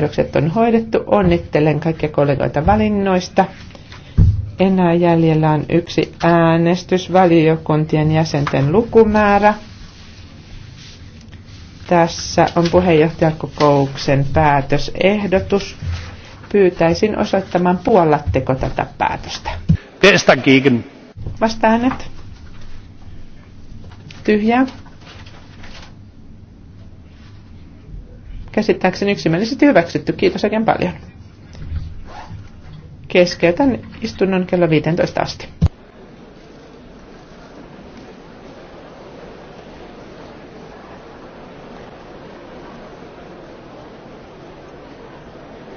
kierrokset on hoidettu. Onnittelen kaikkia kollegoita valinnoista. Enää jäljellä on yksi äänestys, valiokuntien jäsenten lukumäärä. Tässä on puheenjohtajakokouksen päätösehdotus. Pyytäisin osoittamaan, puollatteko tätä päätöstä. Vastaan Vasta Tyhjää. käsittääkseni yksimielisesti hyväksytty. Kiitos oikein paljon. Keskeytän istunnon kello 15 asti.